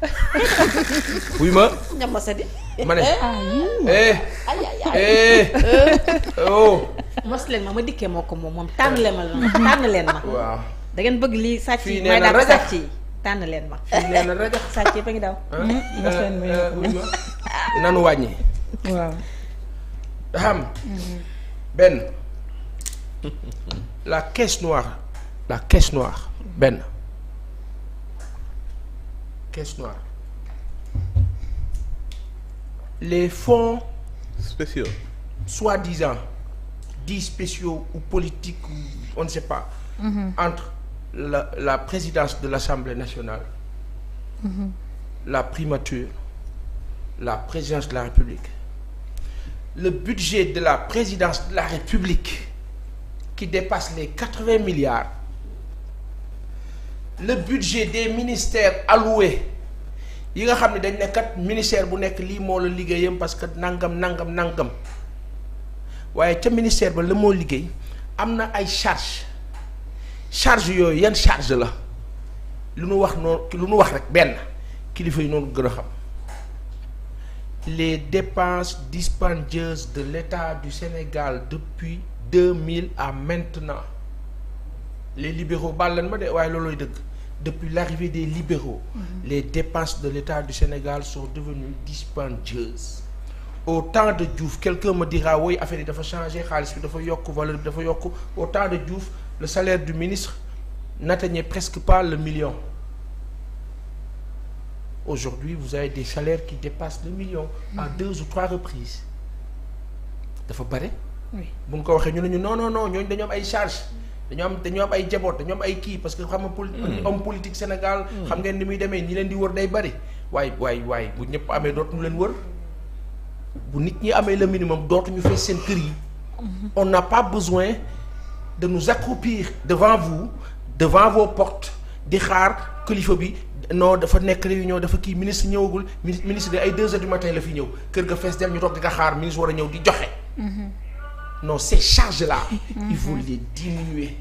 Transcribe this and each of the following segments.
wuy ma. ñama sa di. ma ne eh. ay eh. ay eh. Eh. Oh. mos leen ma ma dikkee moo ko moom moom tànn leen ma la tànn leen ma. waaw da bëgg lii sàcc yi may daal sàcc yi tànn leen ma. fii nee na rajo sàcc yi ba ngi daw. Mm, mos leen ma nanu wàññi. waaw. benn la caisse noire la caisse noire benn. caisse noire les fonds spéciaux soi-disant dits spéciaux ou politiques ou on ne sait pas mm entre la, la présidence de l'Assemblée nationale mm la primature la présidence de la République le budget de la présidence de la République qui dépasse les quatre-vingts milliards le budget des ministère alloués yi nga xam ne dañ nekkat ministère bu nekk lii moo la liggéeyam parce que nangam nangam nangam waaye ca ministère ba la moo liggéey am na ay charge charge yooyu yan charge la lu nu wax noonu lu nu wax rek benn kilifa yi noonu gën a xam les dépenses dispendieuses de l'État du Sénégal depuis deux mille à maintenant les libéraux baal leen ma de waaye loolooy dëgg depuis l'arrivée des libéraux mmh. les dépenses de l'État du Sénégal sont devenues dispendieuses au temps de Diouf quelqu'un me dira oui affaire yi dafa changer xaalis bi dafa yokk valeur bi dafa yokk au temps de Diouf le salaire du ministre n'atteignait presque pas le million aujourd'hui vous avez des salaires qui dépassent le million à mhm. deux ou trois reprises dafa bare bu ñu ko waxee ñu ne ñu non non non ñooñu dañoom ay charges dañoo am dañoo am ay jaboot dañoo am ay kii parce que xam nga poli hmm. homme politique Sénégal hmm. xam ngeen ni muy demee ñi leen di wër day bari waaye waaye waaye bu ñëpp amee dootuñu leen wër bu nit ñi amee le minimum dootuñu fees seen kër yi hmm. on n'a pas besoin de nous accroupir devant vous devant vos portes di xaar kilifa bi non dafa nekk réunion dafa kii ministre ñëwagul ministre de ay deux heures du la fi ñëw kër ga fees dem ñu toog di xaar ministre war a ñëw di joxe non ces charges là mhm. il faut les diminuer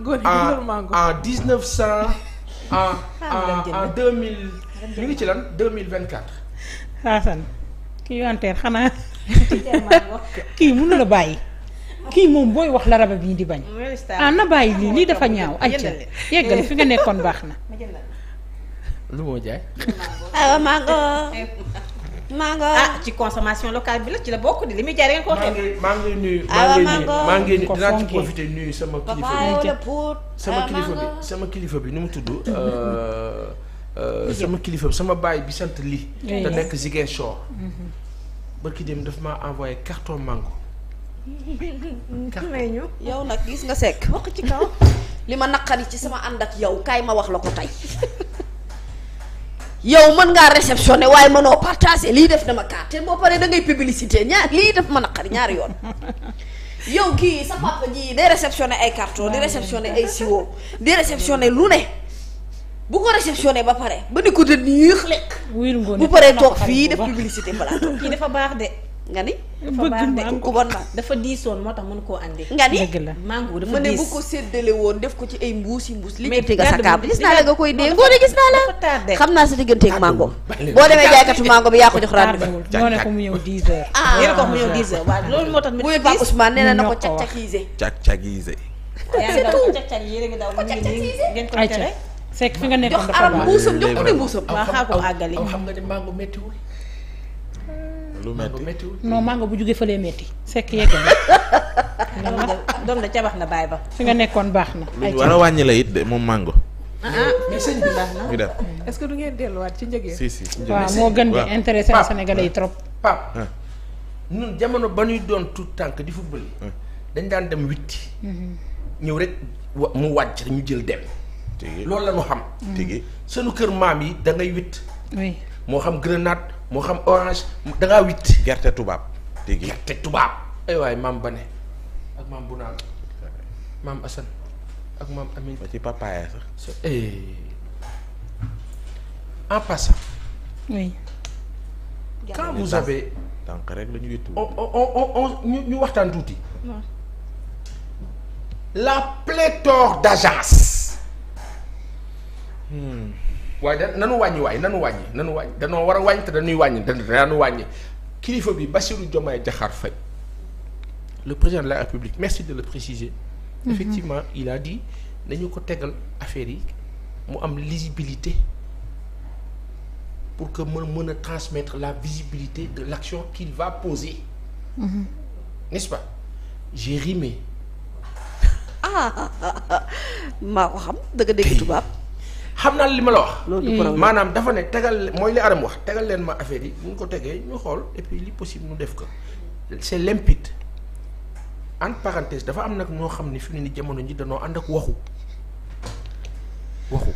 en en dix ah, neuf en en mille ci lan deux mille vingt quatre xaasan kii wanteer xanaa kii mënu la bàyyi kii moom booy wax la raba bi ñu di bañ ah na bàyyi lii lii dafa ñaaw acca yeggal fi nga nekkoon baax na lu mango ah ci consommation locale bi la ci la bokk di li muy jaay da ngeen ko waxee. maa ngi nuyu ah, maa ngi nuyu dinaa ci nuyu sama. kilifa bi sama ah, kilifa bi sama kilifa bi nu mu tudd. Euh, euh, sama kilifa sama baay bi sant lii. te nekk Ziguinchor. Mhm. barki dem daf maa envoyé carton mango. may yow nag gis nga sekk wax ci kaw. li ma naqari ci sama ànd ak yow kaay ma wax la ko tey. yow man ngaa réceptionné waaye mënoo partagé lii def na ma carte boo paree dangay ngay publicité ñaar lii def ma naqari ñaari yoon yow kii sa papa ji day réceptionné ay carton di réceptionné ay siwo di réceptionné lu ne bu ko réceptionné ba pare ba ni ko dënnu yéex lekk. bu paree toog fii def publicité balaa toog kii dafa baax de. nga ni. bëgg ku bon ma moo tax mën koo andi. nga ni mango ma ne bu ko séddale woon def ko ci ay mbuusi mbuus. mais gerte nga sa kaab gis naa la nga koy dee ngoone gis naa la. xam naa sa digganteeg mango. boo demee jaaykatu mango bi yaa ko jox rendez-vous. ñoo ne ko mu ñëw 10 ah. ko mu ñëw 10 heures waaw loolu moo tax. muy Pape Ousmane nee na ko càq-càqisé. càq-càqisé. c'est tout fekk fi nga nekkoon dafa baax jox aram mbuusam jox ko ne mbuusam. waaw xam nga ne mango méttiwul lu metti non mango bu jugee fëlee metti sekk yegg na doom da ca wax nga ba fi nga nekkoon baax na lu war a wàññi la it de moom mango ah, ah mais sëñ bi baax na ñu dem est-ce que du ngeen delluwaat ci njëg yi si waaw moo gën di intéressé Sénégalais yi trop pap ah. ñun jamono ba ñuy doon tout tànk di football ah. dañ daan dem witti mm-hmm. ñëw rek mu wàcc rek ñu jël dem loolu la ñu xam tigi sunu kër maam yi da ngay witt moo xam grenade moo xam orange da ngaa gerte tubaab dégg gerte tubaab. ay waay maam Bane ak maam Bunaan maam Assane ak maam Amin. ba ci papaaya sax. Eh. en passant. oui. quand vous avez. donc rek la ñu witt. on on on ñu ñu waxtaan tuuti. la pléthore d'agences. Hmm. waaye da nanu wàññi nanu wàññi nanu wàññi danoo war a wàññi te dañuy wàññi danu wàññi kilifa bi Bassirou Diomaye Diakhar Faye le président de la République merci de la préciser mhm. effectivement il a di nañu ko tegal affaire yi mu am lisibilité pour que mën mën a transmettre la visibilité de l'action qu'il va poser mmh. n'est-ce ah, ah, ah, maa ko xam dëgg dégg tubaab xam naa li ma la wax. maanaam dafa ne tegal mooy li Aram wax tegal leen ma affaire yi bu ñu ko tegee ñu xool et li possible ñu def ko c'est limpide en parenthèse dafa am nag ñoo xam ne fi ni ne jamono ji dañoo ànd ak waxu waxu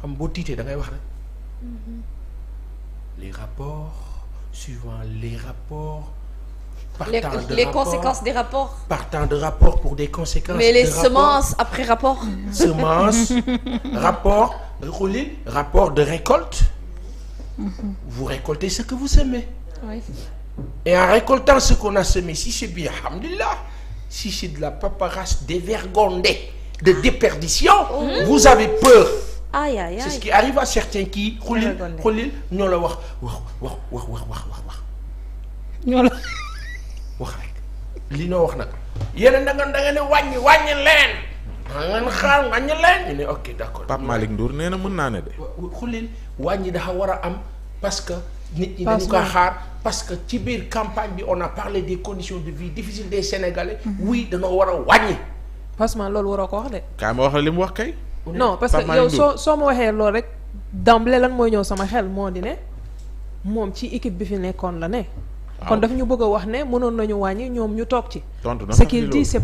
xam boo tiitee da wax rek mm-hmm. les rapports suivant les rapports. les, les rapport, conséquences des rapports. Partant de rapports pour des conséquences. Mais les semences rapport, après rapport. Semences, rapport, rouler, de récolte. Mm -hmm. Vous récoltez ce que vous semez. Oui. Et en récoltant ce qu'on a semé, si c'est bien, alhamdulillah, si c'est de la paparasse dévergondée, de déperdition, mmh. vous avez peur. Aïe, aïe, aïe. C'est ce qui arrive à certains qui, xoolil xoolil ñoo la wax wax la. li ñoo wax nag yeneen da nga da nga ne wàññi wàññi leen ngeen xaar wàññi leen ñu ne ok d'accord Pape nee na mën naa ne de wàññi dafa war a am parce que nit ñi xaar parce que ci biir campagne bi on a parlé des conditions de vie difficiles des Sénégalais mhm. oui war a wàññi passement loolu waroo ko wax de kaay wax la li mu wax kay non parce que yow soo soo ma waxee loolu rek d'emblée lan mooy ñëw sama xel moo di ne moom ci équipe bi fi nekkoon la ne kon dafa ñu bëgg wax ne mënoon nañu wàññi ñoom ñu toog ci ce qu'il dit c'est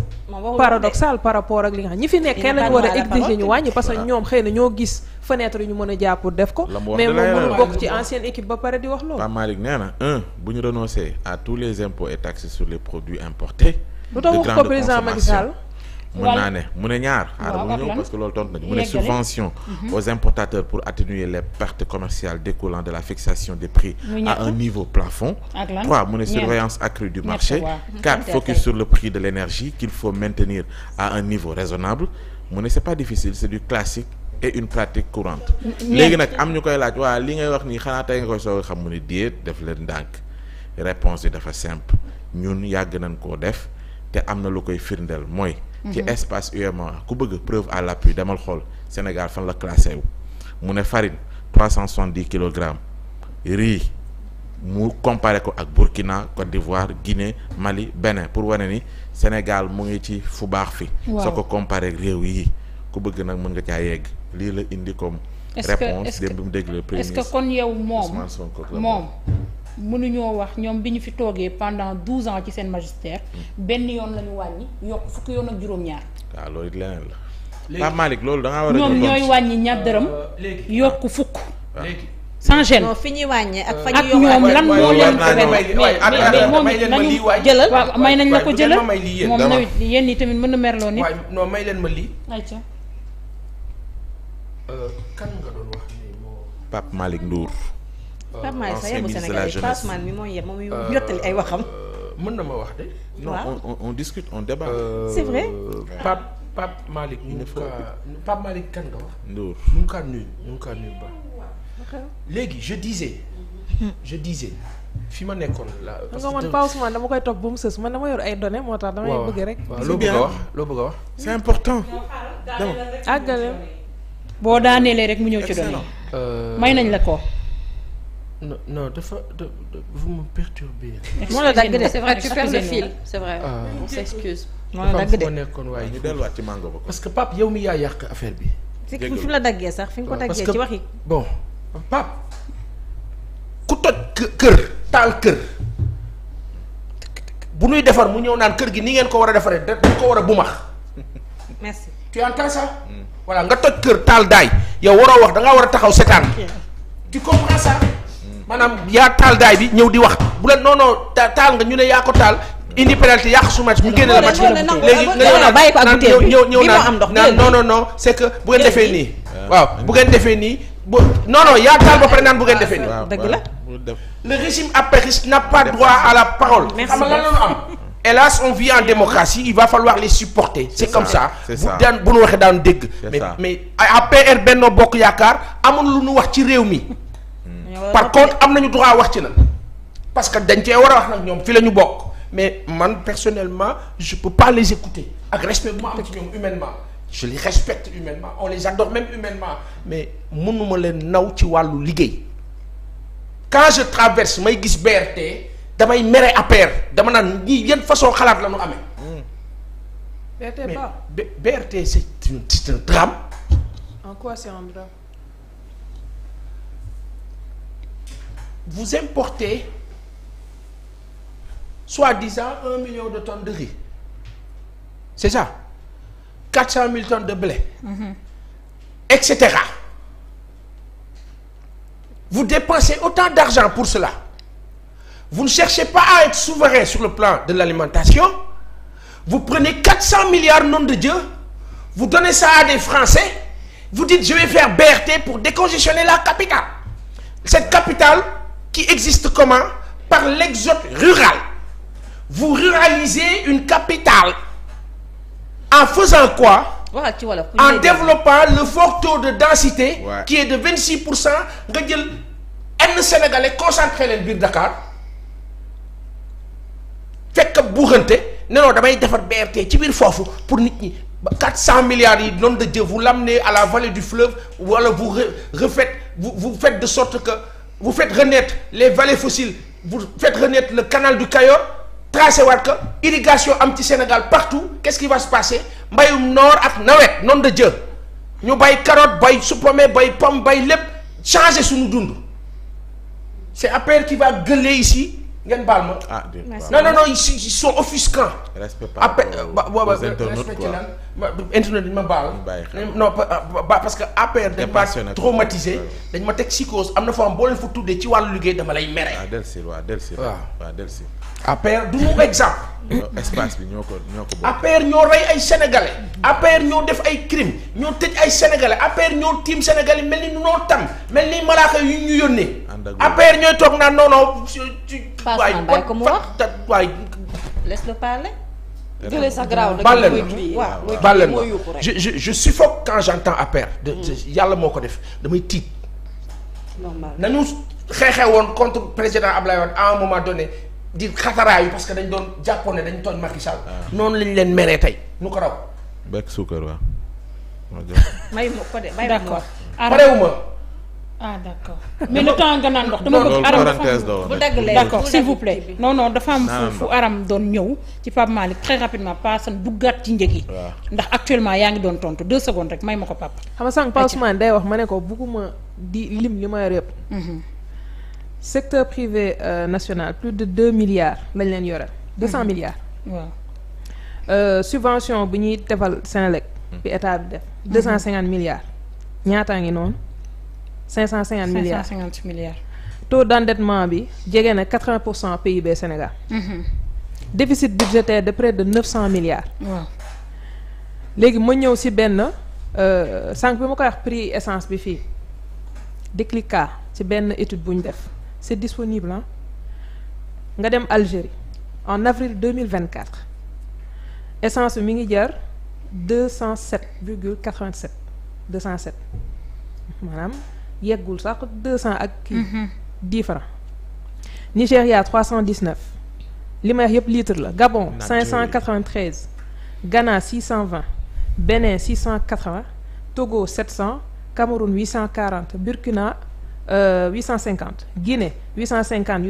paradoxal par rapport ak li nga xam ñi fi nekkee lañu war a ñu wàññi parce que ñoom xëy nañoo ñoo gis fenêtre yu ñu mën a jàpp def ko mais moom mënul bokk ci ancienne équipe ba pare di wax loolu Pape Malick nee na un renoncer à tous les impôts et taxes sur les produits importés lu tax wax ko président Macky mën naa ne mu ne ñaar xaaral mu ñëw parce que ne subvention mhm. aux importateurs pour atténuer les pertes commerciales découlant de la fixation des prix à un niveau plafond trois mu ne surveillance accrue du marché quatre focus sur le prix de l'énergie qu'il faut maintenir à un niveau raisonnable mu ne c'est pas difficile c'est du classique et une pratique courante léegi nag am ñu koy laaj waa li ngay wax nii xanaa tey nga koy soog a xam mu ne déet def leen ndànk réponse yi dafa simple ñun yàgg nañ koo def te am na lu koy firndeel mooy ci mhm. espace UEMOA ku bëgg preuve à l'appui demal xool Sénégal fan la classé mu ne farin trois cent soixante dix kilogrammes riz mu comparé ko ak Burkina Côte d'Ivoire Guinée Mali Bénin pour wane ni Sénégal mu ngi ci fu baax fi soo ko comparé réew yi ku bëgg nag mën nga caa yegg lii la indi comme réponse démb bi est kon yow moom moom mënuñoo wax ñoom bi ñu fi toogee pendant douze ans ci seen magistère benn yoon la ñu wàññi yokk fukk yoon ak juróom-ñaar. waaw loolu leneen la. léegi Pape loolu da war a ñoom ñooy wàññi ñaar dërëm. yokk fukk. sans gêne non fi ñuy wàññee ak fa ñuy yokk ak ñoom lan jëlal may nañ la ko jëlal moom nawet yenn yi tamit mën na merloo nit. waay non may leen ma lii. ayca. kan Euh, Pape Malick sax yemul Sénégal yi Passemane mi mooy yem moom muy jottali euh, ay waxam. mën na ma wax de. non on on discute on débat. Euh, c'est vrai. Pape Pape Malick. mu ngi kaa Pape Malick kan nga wax. Ndour mu ngi kaa nuyu mu ngi kaa nuyu ba. léegi je disais. je disais fi ma nekkoon la. parce que man Passemane dama koy topp ba mu sës man dama yor ay données moo tax damay bëgg rek. waaw loo bëgg a wax loo bëgg a wax. c'est important. dama àggale. boo daaneelee rek mu ñëw ci données. may nañ la ko. non non dafa vous me perturbez. moo la dagg de c'est vrai tu perds le ah. moo la dagg de dafa nekkoon waaye ah, ñu delluwaat ci mango parce que Pape yow mi yaa yàq affaire bi. fi mu la daggee sax fi nga ko daggee ci wax yi. bon Pape ku bu nuy defar mu ñëw naan kër gi ni ngeen ko war a defaree da dañ ko war a bumax. merci tu entends ça. Hmm. voilà nga toj kër taal daay yow waroo wax da ngaa war a taxaw seetaan. tu maanaam yaa taal daay bi ñëw di wax bu la non non taal nga ñu ne yaa ko taal indi pénalité yàq su match ñu génne la match léegi nga ñëw naan bàyyi ko ak naan non non c'est que bu ngeen defee nii waaw bu defee nii bu non yaa taal ba pare naan bu ngeen defee nii dëgg le régime apériste n'a pas droit à la parole xam nga lan la am hélas on vit en démocratie il va falloir les supporter c'est comme ça bu daan nu waxee daan dégg mais mais APR Benno Bokk Yaakaar amul lu nu wax ci réew mi par contre am nañu droit wax ci nag parce que dañ cee war a wax nag ñoom fi la ñu bokk mais man personnellement je peux pas les écouter ak respect bu ma am ci ñoom humainement je les respecte humainement on les adore même humainement mais mënuma leen naw ci wàllu liggéey quand je traverse may gis BRT damay mere APR dama naan ñii yan façon xalaat la ñu amee. BRT ba BRT vous importez soi-disant un million de tonnes de riz c'est ça cent mille tonnes de blé mmh. et cetera vous dépensez autant d'argent pour cela vous ne cherchez pas à être souverain sur le plan de l'alimentation vous prenez quatre cent milliards nom de Dieu vous donnez ça à des Français vous dites je vais faire BRT pour décongestionner la capitale cette capitale qui existe comment par l'exode rural vous ruralisez une capitale en faisant quoi en développant le fort de densité ouais. qui est de 26 pour cent nga jël enn sénégalais concentré leen biir Dakar fekk buuxante ne non damay defar BRT ci biir foofu pour nit ñi ba 400 milliards yi nom de Dieu vous l'amenez à la vallée du fleuve wala vous refaites vous vous faites de sorte que vous faites renaître les vallées fossiles vous faites renaître le canal du Cayor tracé waat ko irrigation am ci Sénégal partout qu'est-ce qui va se passer mbayum noor ak nawet noonu de jë ñu bay carotte bay supame bay pomme bay lépp changer suñu dund c'est après qui va gueuler ici ngeen baal ma. ah non non non ils sont offusquants. respect par internet dañ ma baal. non parce que APR dañ ma dañ ma teg psychose am na foo boo leen fa tuddee ci wàllu liggéey dama lay mere. Ah, waaw du mu exemple. espace bi ñoo ko ñoo ko. APR ñoo rey ay sénégalais. APR ñoo def ay crime ñoo tëj ay sénégalais APR ñoo tiim sénégalais mel ni noo tam mel ni malaaka yu ñu yónnee. ànd ñooy toog naan non non Pape bàyyi ko mu wax waay laisse le parler. je je je suffoque quand j'entends affaire de mm. yàlla moo ko def damay tiit nañu xeexee woon contre président Ablaye Wade à un moment donné di xataraayu parce que dañ doon jàppoon ne dañ tooñ Macky Sall ah. noonu lañ leen meree tey nu ko raw bekk suukar waaw mayu ko de mayu ma parewuma ah d' accord mais le naan ndox dama bëgg aram bu dagg lay d' accord vous plaît non dafa am fu aram doon ñëw ci Pape Malick très rapidement paasan duggaat ci njëg yi ndax actuellement yaa ngi doon tontu deux secondes rek may ma ko papa xam nga sànq Pa Ousmane day wax ma ne ko bugguma di lim li ma yor yëpp secteur privé euh, national plus de deux milliards lañ leen yore deux cent mhm. milliards euh, subvention bu ñuy defal Senelec mhm. bi état bi def deux cent cinquante milliards ñaataa ngi noonu cinq cent cinquante milliards cinq cent cinquante milliards. bi jege na quatre vingt pour cent PIB Sénégal. Mhm. déficit budgétaire de près de neuf cent milliards. léegi ma ñëw si benn euh, sànq bi ma koy wax prix essence bi fii Déclica ci benn étude bu ñu def c' est disponible nga dem Algérie en avril deux mille vingt quatre essence bi mi ngi jar deux cent sept virgule quatre vingt sept deux maanaam. yeggul sax deux ak kii mm-hmm. dix francs Nigéria li ma yëpp litre la Gabon cinq cent quatre vingt treize Ghana six cent vingt Bénin six cent quatre vingt Togo sept Burkina euh, Guinée yu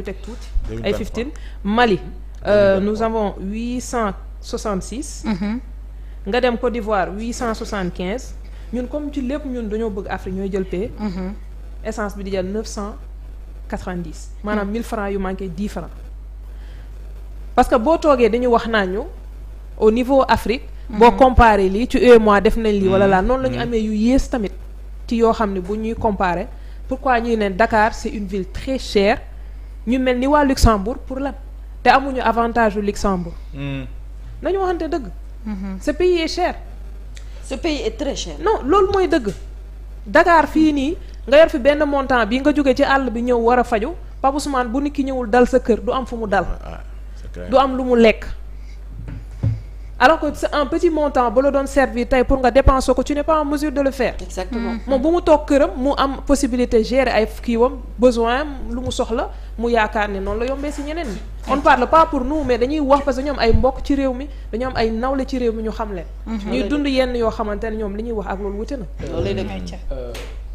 teg tuuti ay fifteen Mali euh, nous avons mm-hmm. nga dem Côte d'Ivoire huit ñun comme ci lépp ñun dañoo bëgg Afrique ñooy jël paie. Mhm. essence bi di jël neuf cent quatre-vingt-dix. maanaam mille francs yu manqué dix francs parce que boo toogee dañu wax naa ñu au niveau Afrique. boo mhm. comparé lii ci e mois def nañ lii wala mhm. laa noonu la ñu amee yu yées tamit ci yoo xam ne bu ñuy pour quoi ñuy leen dakaar c'est une ville très chère ñu mel ni waa Luxembourg pour lan te amuñu avantage yu Luxembourg. nañu waxante dëgg. ce pays est cher. ce pays très cher. non loolu mooy dëgg dakaar fii nii nga yor fi benn montant bi nga jóge ci àll bi ñëw war a faju Pape Ousmane bu nit ki ñëwul dal sa kër du am fu mu dal. Ah, ah, du am lu mu lekk. alors que c'est un petit montant ba la doon servir tey pour nga dépenser ko tu n'es pas en mesure de le faire. exactement mm-hmm. moom bu mu toog këram mu am possibilité gérer ay kiiwam besoin lu mu soxla mu yaakaar ne noonu la yombee si ñeneen ñi. on parle pas pour nous mais dañuy wax parce que dañu am ay mbokk ci réew mi dañu am ay nawle ci réew mi ñu xam leen. Mm-hmm. ñuy dund yenn yoo xamante ne ñoom li ñuy wax ak loolu wute na. loolu euh,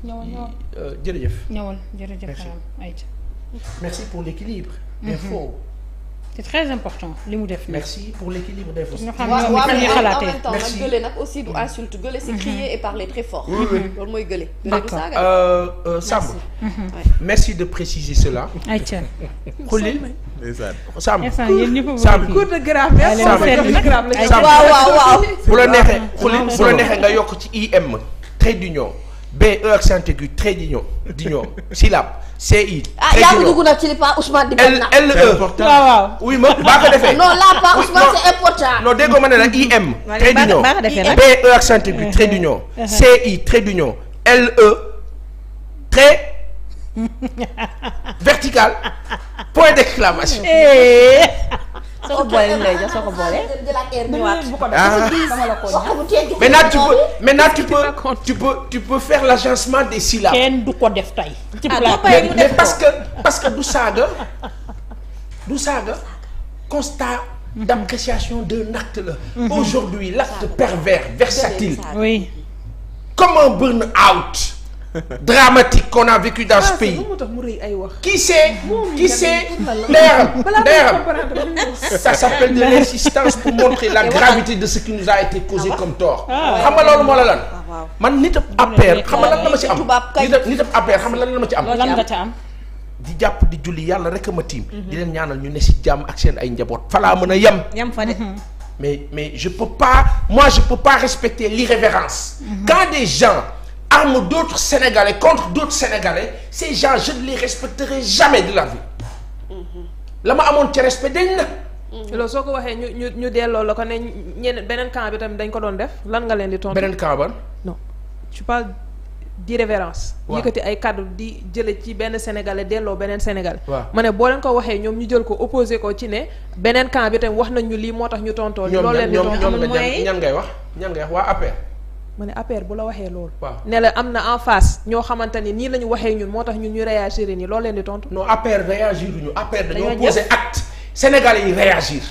ñëwal ñëwal euh, jërëjëf. ñëwal jërëjëf merci pour l'équilibre. des mm-hmm. fois. c'est très important li mu def. merci pour l'équilibre des forces. nga xam ñoom fan yi xalaatee en même temps nag gële nag aussi du insulte gële c'est mhm. crier et parler très fort. loolu mooy gële. d'accord euh, euh, Samb. Mhm. merci de préciser cela. ayca xulil. Samb Samb cours de grave. Samb waaw waaw waaw. bu la neexee xulil bu la neexee nga yokk ci IM trait d'union. BE accent aigu trait d'union d'union syllabe CI. ah yaa ngi dugg di. benn L E waaw waaw. oui ma baa ko defee. non là Pa Ousmane c'est important. non déggoo ma ne la IM. trait d'union BE accent aigu trait d'union CI trait d'union LE trait. vertical point d'exclamation. Eh. soo ko boolee lay jox soo ko boolee. mais nag tu peux mais nag tu peux tu peux tu peux faire l'agencement des syllabes. kenn du ko def tey. ci ah, mais parce que parce que du saaga du saaga constat d'appréciation d'un acte la. Mhm. aujourd'hui l'acte pervers versatile. oui. comme un burn out. dramatique qu'on a vécu dans ce ah, pays qui sait qui sait leeral leeral ça s'appelle de l'insistance pour montrer la gravité de ce qui nous a été causé ah comme tort ah xam moo la lan man nit ab affaire xam nga lan la ma ci am nit ab affaire xam nga la ma ci am lan nga di jàpp di julli yàlla rek a ma tiim mhm. di leen ñaanal ñu ne si jàmm ak seen ay njaboot falaa mën a yem yem fa mhm. mais mais je peux pas moi je peux pas respecter l'irrévérence mhm. quand des gens arme d'autres Sénégalais contre d'autres Sénégalais ces gens je ne les respecterai jamais de la vie. Mm-hmm. la ma amoon ci respect dañ mm-hmm. soo ko waxee ñu ñu ñu delloo la ko ne ñeneen beneen camp bi dañ ko doon def lan nga leen di tontu. beneen camp ban. non tu parles d'irrévérence. waaw yëkkati ay kàddu di jële ci benn sénégalais delloo beneen sénégalais. waaw ma ne boo leen ko waxee ñoom ñu jël ko opposé ko ci ne beneen camp bi tamit wax nañ ñu lii moo tax ñu tontoo. loolu leen di tontu ñoom ñoom ñan ngay wax ñan ngay wax waa APR. ma ne APR bu la waxee loolu. ne am na en face ñoo xamante ni nii la ñu waxee ñun moo tax ñun ñu réagir nii loolu leen di tontu. non APR réagir ñu APR dañoo posé acte sénégalais yi réagir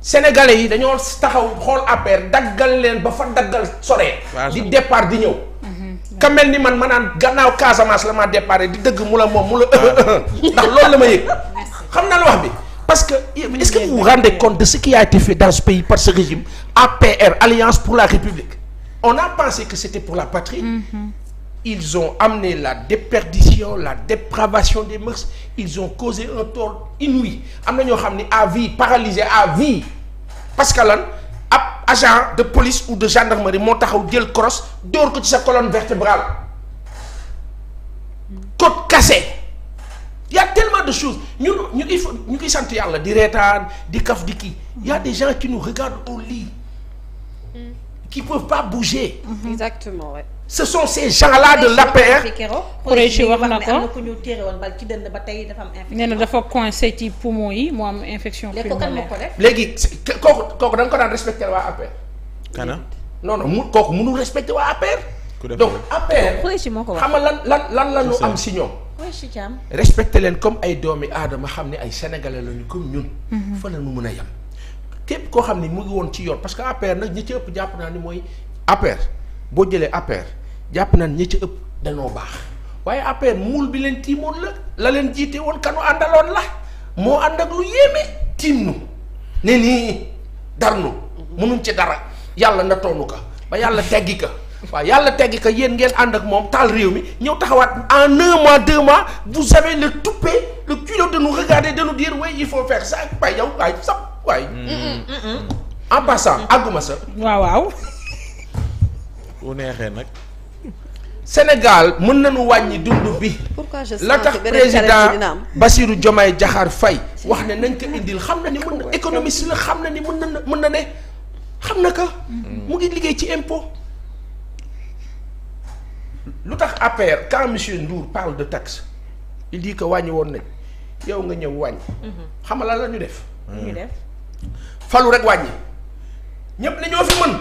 sénégalais yi dañoo taxaw xool APR daggal leen ba fa daggal soree di départ di ñëw. Mhm. ka mel ni man ma naan gannaaw Casamance la ma départ di dëgg mu la moom mu la. ndax loolu la ma yëg. xam naa la wax bi. parce que est que vous vous rendez compte de ce qui a été pour la République. on a pensé que c'était pour la patrie mm -hmm. ils ont amené la déperdition la dépravation des mœurs ils ont causé un tort inouï am na ñoo xam ni à vie paralysé à vie parce que lan ab agent de police ou de gendarmerie moo taxaw jël crosse dóor ko ci sa colonne vertébrale côte cassée y a tellement de choses ñun ñu ngi ñu ngi sant yàlla di reetaan di kaf di kii y a des gens qui nous regardent au qui peuvent pas bouger. Mhm. exactement ouais. ce sont ces gens-là de l'APR. Khoureychi wax na ko nee na dafa coincé ci poumon yi mu am infection pulmonaire. léegi kooku kooku da ko daan respecté waa APR. kana non non mu kooku mënul respecté waa APR. donc APR xam nga lan lan lan la ñu am si ñoom. respecté leen comme ay doomi aadama xam ne ay sénégalais lañu comme ñun. Mhm. fa la ñu mën a yem. képp koo xam ni mu ngi woon ci yoon parce que APR nag ñi ci ëpp jàpp naa ni mooy APR boo jëlee APR jàpp naa ñi ci ëpp danoo baax waaye APR muul bi leen tiimoon la la leen jiite woon kanu àndaloon la moo ànd ak lu yéeme tiim nu ne nii darnu munuñ ci dara yàlla na toonu ka ba yàlla teggi ka waaw yàlla teggi ka yéen ngeen ànd ak moom taal réew mi ñëw taxawaat en un mois deux mois vous avez le toupet le culot de nous regarder de nous dire oui il faut faire ça bay yow waay waaye en passant àgguma sa. waaw waaw. bu neexee nag. Sénégal mën nu wàññi dund bi. la tax président basiiru Diomaye Diakhar fay wax ne nañ ko indil xam na ni mën na xam na ni mën na mën na ne xam na ka mu ngi liggéey ci impôt. lu tax APR quand monsieur Ndour parle de taxe il dit que wàññi woon nañ yow nga ñëw wàññi. Mm-hmm. xam nga lan la ñu def. ñu def. falu rek wàññi ñépp ne ñoo fi mën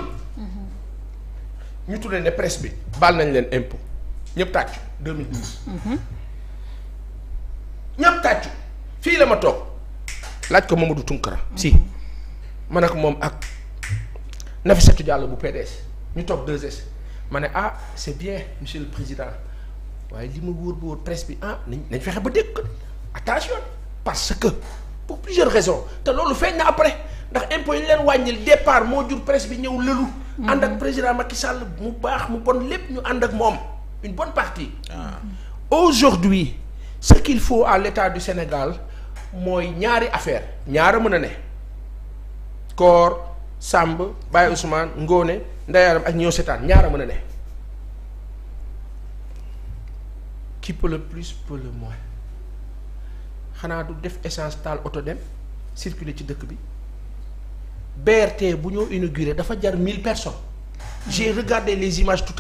ñu tuddee ne press bi baal nañ leen impôt ñépp tàccu 2012 ñépp tàccu fii la ma toog laaj ko Mamadou Tunkara si man ak moom ak Nafissatou Diallo bu PDS ñu toog 2S ma ne ah c'est bien monsieur le président waaye li ma wóor bu wóor presse bi ah nañ nañ fexe ba dégg ko attention parce que pour plusieurs raisons te loolu feeñ na après ndax impôt yi leen wàññil départ moo jur presse bi ñëw lëlu. ànd ak président Macky Sall mu baax mu bon lépp ñu ànd ak moom une bonne partie. Ah. aujourd'hui ce qu'il faut à l'état du Sénégal mooy ñaari affaire ñaara mën a ne. Koor Samb Baye Ousmane Ngone Ndayaram ak ñëw seetaan ñaara mën na ne. qui peut le plus peut le moins. xanaa du def essence taal auto dem circuler ci dëkk bi BRT bu ñoo inauguré dafa jar mille personnes j'ai hmm. regardé les images tout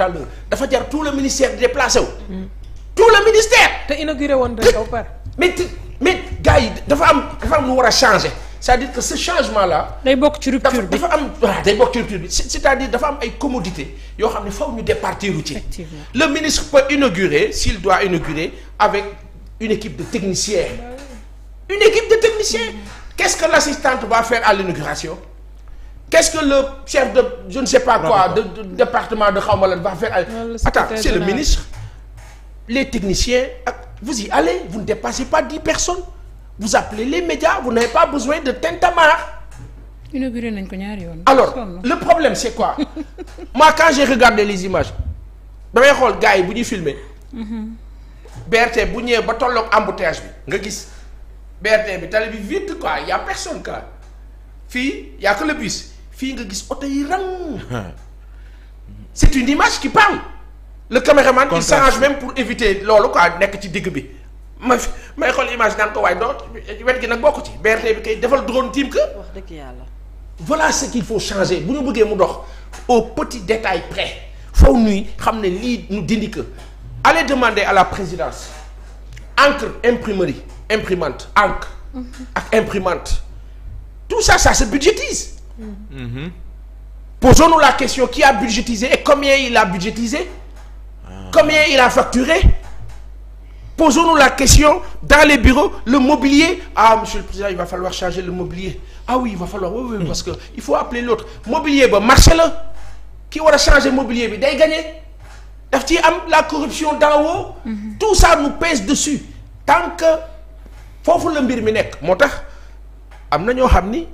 dafa jar tout le ministère déplacé wu hmm. tout le ministère te inauguré woon rek ba pare mais mais gars yi dafa am dafa am lu war a changer c'est-à-dire que ce changement la day bokk ci rupture bi dafa am waaw day bokk ci rupture bi c'est-à-dire dafa am ay commodité yoo xam ne faw ñu départir ci le ministre peut inaugurer s'il doit inaugurer avec une équipe de techniciens une équipe de techniciens. qu'est-ce que l'assistante va faire à l'inauguration qu'est-ce que le chef de je ne sais pas quoi de, de, de département de xawma lan va faire à... attends c'est le ministre les techniciens ah, vous y allez vous ne dépassez pas dix personnes vous appelez les médias vous n'avez pas besoin de tintamarre inauguré nañ ko ñaari yoon. alors le problème c'est quoi moi quand j'ai regardé les images damay xool gars yi bu ñuy filmer mhm. BRT bu ñëwee ba tolloog embouteillage bi nga gis BRT bi tali bi vide quoi y' a personne quoi fii y' a que bus fii nga gis oto yi rang. c' est une image qui parle. le caméraman il s'arrange même pour éviter loolu quoi nekk ci digg bi. ma may xool image naan ko waaye doo wet gi nag boo ko ci BRT bi koy defal drone team que. wax dëgg yàlla. voilà ce qu'il faut changer bu ñu bëggee mu dox au petit détail près foofu ñuy xam ne lii ñu dindi que. allez demander à la présidence encre imprimerie. imprimante encre ak imprimante tout ça ça se budgétise mmh. la question qui a budgétisé et combien il a budgétisé combien il a facturé posons la question dans les bureaux le mobilier ah monsieur le président il va falloir changer le mobilier ah oui il va falloir mm-hmm. parce que il faut appeler l'autre mobilier ba marché ki war a changer mobilier bi day gagné ci la corruption d'en haut mm-hmm. tout ça nous pèse dessus tant foofu la mbir mi nekk moo tax am na ñoo xam ni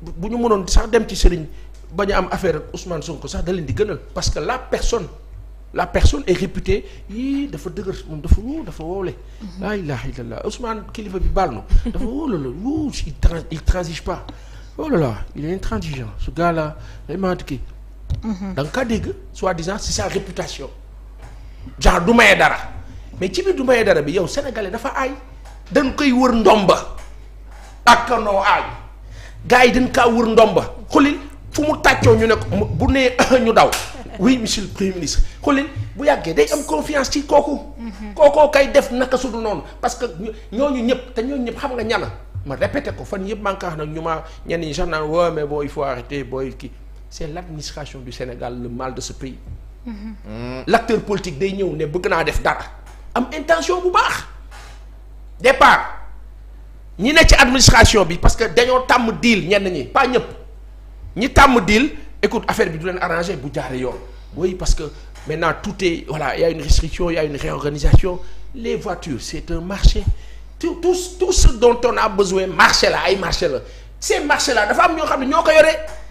bu ñu mënoon sax dem ci sëriñ ba ñu am affaire ak Ousmane Sonko sax da leen di gënal parce que la personne la personne est réputée yii dafa dëgër moom dafa wóo dafa woowle laa ilaha illallah Ousmane kilifa bi baal na dafa wóolala wuu il trans il transige pas oh là là il est mhm. nga kaa dégg soi-disant si sa réputation genre du maye dara mais ci biir du maye dara bi yow sénégalais dafa ay dañ koy wër ndomba ak noo aay gars yi dañ kaa wër ndomba xulil fu mu tàccoo ñu ne ko bu nee ñu daw oui monsieur le premier ministre xulil bu yàggee day am confiance ci kooku mhm. kookoo kay def naka sudul noonu parce que ñooñu ñëpp te ñooñu ñëpp xam nga ñana ma répété ko fan yëpp maa ngi wax nag ñu ma ñenn ñi sax naan waaw booy il faut arrêter booy kii c' est l' administration du Sénégal le mal de ce pays. Mhm. Mm. l' politique day ñëw ne bëgg naa def dara am intention bu baax. départ ñi ne ci administration bi parce que dañoo tàmm deal ñenn ñi pas ñëpp ñi tàmm deal écoute affaire bi du leen arrangé bu jaaree yoon oui parce que maintenant tout est voilà il y une restriction il y a une réorganisation les voiture c'est un marché tout tout tout ce dont on a besoin marché la ay marché la ces marché la dafa am ñoo xam ne ñoo ko yore.